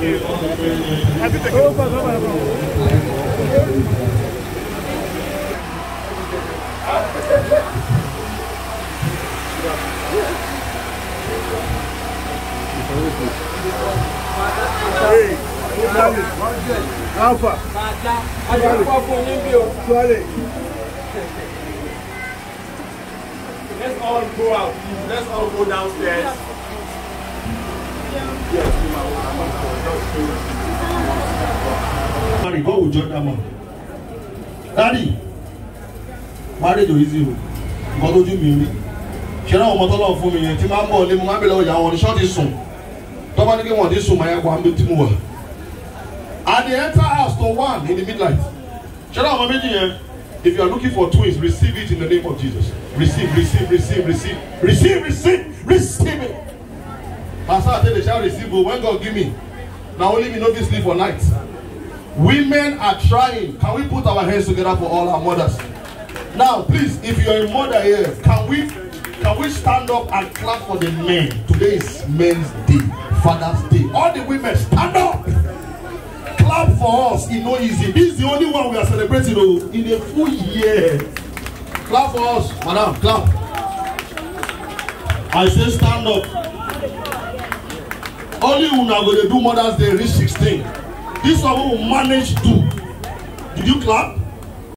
Let's all go out. Let's all go downstairs. Yes, you are Marry, God will judge that man. Daddy, marriage is easy o. Nǹkan tójú mi rí. Ṣé náà ọmọ tọ́lọ̀ fún mi yẹn tí máa ń bọ̀ lé mo máa ń bèèrè ọ̀yà wọn ní ṣọ́ọ̀tì sùn. Tọ́ba ní kí wọ́n ti sùn máa yẹ kó àmì tí mo wà. I dey enter house to one in the midnight. Ṣé náà ọmọ méjì yẹn? If you are looking for twins, receive it in the name of Jesus. Receive, receive, receive, receive, receive, receive, receive it. Pastor Atele shall receive, when God give me, Now only me no fit sleep for night. Women are trying. Can we put our hands together for all our mothers? Now, please, if you are a mother here, can we can we stand up and clap for the men? Today is Men's Day, Father's Day. All the women, stand up. Clap for us. It's no easy. This is the only one we are celebrating though, in a full year. Clap for us, madam. Clap. I say stand up only una go dey do mothers day reach sixteen this one wey we manage do did you clap